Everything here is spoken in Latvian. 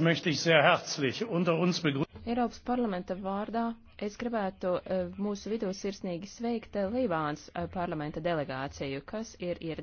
möchte ich sehr herzlich unter uns begrüßen. Eiropas parlamenta vārdā es gribētu eh, mūsu vidū sirsnīgi sveikt eh, Lībāns eh, parlamenta delegāciju, kas ir ieradījusies.